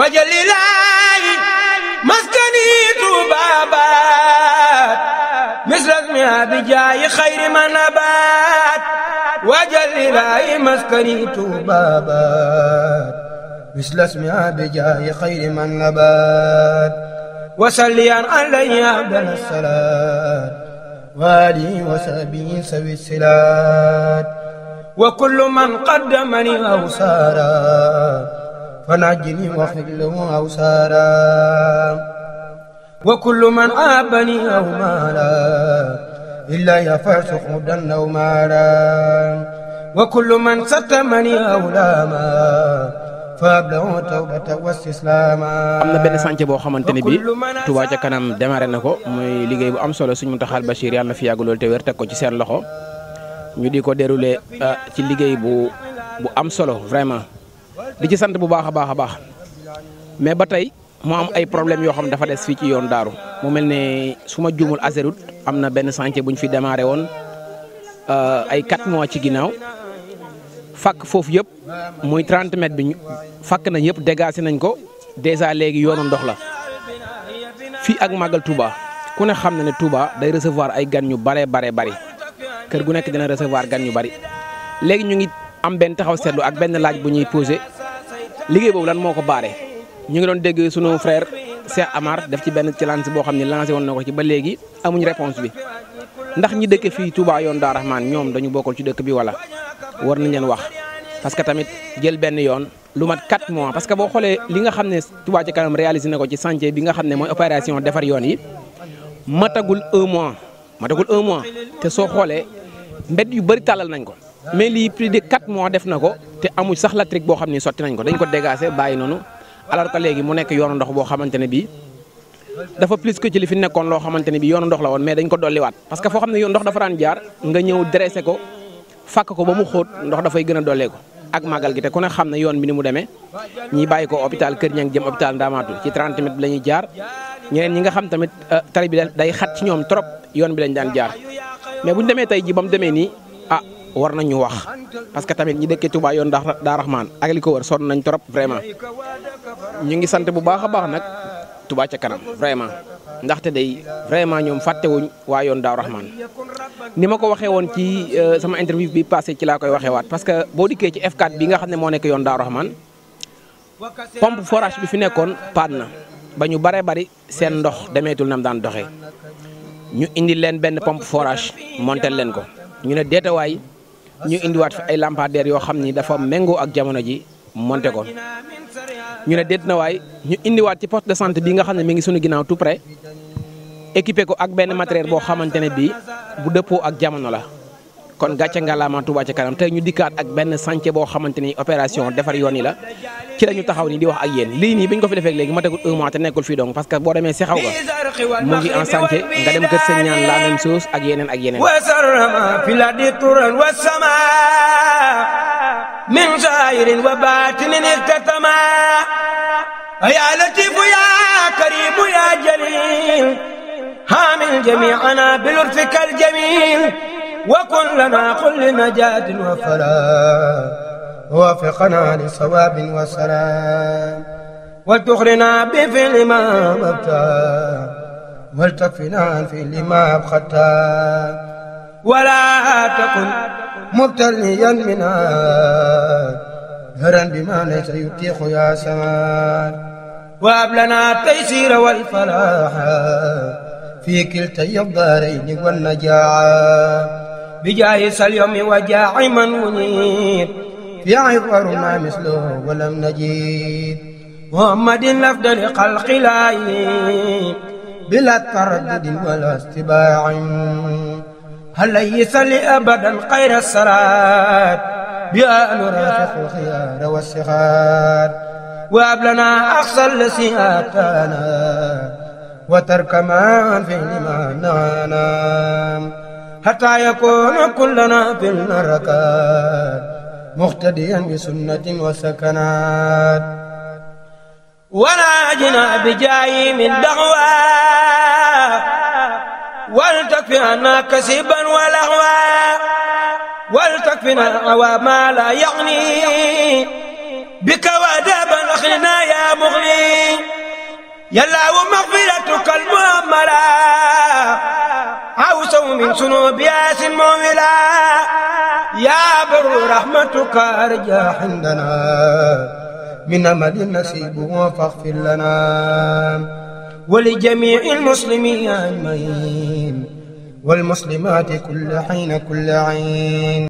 wajalilaayi maskani Tuubaa baat misrasmi abijaayi xayri ma nabaat wajalilaayi maskani Tuubaa baat misrasmi abijaayi xayri ma nabaat wasalliyan alayhi abdal salaat waalihi wa sahbihi sawi silaat wa kullu man qaddamani aw saara ونجني وخله أوسارا وكل من عابني أو مالا إلا يفاس حدا أو مالا وكل من ستمني أو لاما faabla tawbata wastislaama am na benn sànce boo xamante ni bi Touba ca kanam démarré na ko muy liggéey bu am solo suñu Muntaxal Bachir yàlla na fi yàgg loolu te wér te ko ci seen loxo ñu di ko déroulé euh, ci liggéey bu bu am solo vraiment di ci sant bu baax a baax a baax mais ba tey mu am ay problème yoo xam dafa des fii ci yoon daaru mu mel ne suma juumul azerut am na benn chantier bu ñu fi démarré woon euh, ay 4 mois ci ginnaaw fakk foofu yëpp muy 30 mètres bi fakk nañ yëpp dégagé nañ ko dèjà léegi yoonu ndox la fii ak màggal Touba ku ne xam na ne Touba day recevoir ay gan ñu bare bare bari kër gu nekk dina recevoir gan ñu bari léegi ñu ngi am benn taxaw seetlu ak benn laaj bu ñuy liggéey boobu lan moo ko baare ñu ngi doon dégg sunu frère Cheikh Amar def ci benn challenge boo xam ne lancé woon na ko ci ba léegi amuñ réponse bi ndax ñi dëkk fii Touba yoon Daaru Rahman ñoom dañu bokkul ci dëkk bi wala war nañ leen wax parce que tamit jël benn yoon lu mat 4 mois parce que boo xoolee li nga xam ne Touba ci kanam réalisé na ko ci chantier bi nga xam ne mooy opération defar yoon yi matagul un mois matagul un mois te soo xoolee mbedd yu bëri tàllal nañ ko mais lii plus de 4 mois def na ko te amuñ sax latrik boo xam ni sotti nañ ko dañ ko dégager bàyyi noonu alors que léegi mu nekk yoonu ndox boo xamante ne bii dafa plus que ci li fi nekkoon loo xamante ne bii yoonu ndox la woon mais dañ ko dolliwaat. parce que foo xam ne yoonu ndox dafa daan jaar nga ñëw dressé ko fàkk ko ba mu xóot ndox dafay gën a dollee ko ak màggal gi te ku ne xam ne yoon bi ni mu demee ñi bàyyi ko hôpital Kër Ñang jëm hôpital Ndamatou ci 30 mètres la ñuy jaar ñeneen ñi nga xam tamit euh, tali bi day xat ci ñoom trop yoon bi lañ daan jaar mais buñ demee tey ji ba mu demee nii war nañu wax parce que tamit ñi dekkee Touba yoon daa raxmaan ak li ko wër sonn nañ trop vraiment ñu ngi sant bu baax a baax nag Touba ca kanam vraiment ndaxte day vraiment ñoom fàttewuñ waa yoon daaw raxmaan ni ma ko waxee woon ci euh, sama interview bi passé ci laa koy waxee waat parce que boo dikkee ci F4 bi nga xam ne moo nekk yoon daaw raxmaan pompe forage bi fi nekkoon paan na ba ñu bare bari seen ndox demeetul nam daan doxe ñu indi leen benn pompe forage montel leen ko ñu indiwaat fi ay lampadaires yoo xam ni dafa méngoo ak jamono ji monté ko ñu ne déet na waay ñu indiwaat ci poste de sant bii nga xam ne mi ngi suñu ginnaaw tout près équipé ko ak benn matériel boo xamante ne bii bu dëppoo ak jamono la. kon gàcce ngalaama Touba ca kanam te ñu dikkaat ak benn chantier boo xamante ni opération defar yoon yi la ci la ñu taxaw ni di wax ak yéen lii nii bi ñu ko fi defee léegi matagul un mois te nekkul fii donc parce que boo demee si xaw ga mu ngi en chantier nga dem kër sëñ ñaan la même chose ak yeneen ak yeneen wasarama fi la di turan wa sama min zahirin wa batinin istatama ya latifu ya karimu ya jalil hamil jami'ana bil urfikal وكن لنا كل نجاة وفلاح ووفقنا لصواب وسلام وتخرنا بفعل ما مبتاه والتكفنا في ما أبختا ولا تكن مبتليا منها هرا بما ليس يتيح يا سمان وأبلنا التيسير والفلاح في كلتي الدارين والنجاح بجاه سليم وجاع من ونيت في عبر ما مثله ولم نجيد محمد الأفضل خلق الله بلا تردد ولا استباع هل يصلي أبدا غير الصلاة بها نرافق الخيار والصغار وأبلنا أقصى الذي آتانا وترك ما فيه ما نعانى حتى يكون كلنا في الركات مقتديا بسنة وسكنات وناجنا بجاي من دعوى ولتكفنا كسبا ولهوا ولتكفنا عوام ما لا يغني بك ودابا اخلنا يا مغني يا الله مغفره من سنوب ياس مولا يا بر رحمتك أرجى عندنا من أمد نسيب فاغفر لنا ولجميع المسلمين أجمعين والمسلمات كل حين كل عين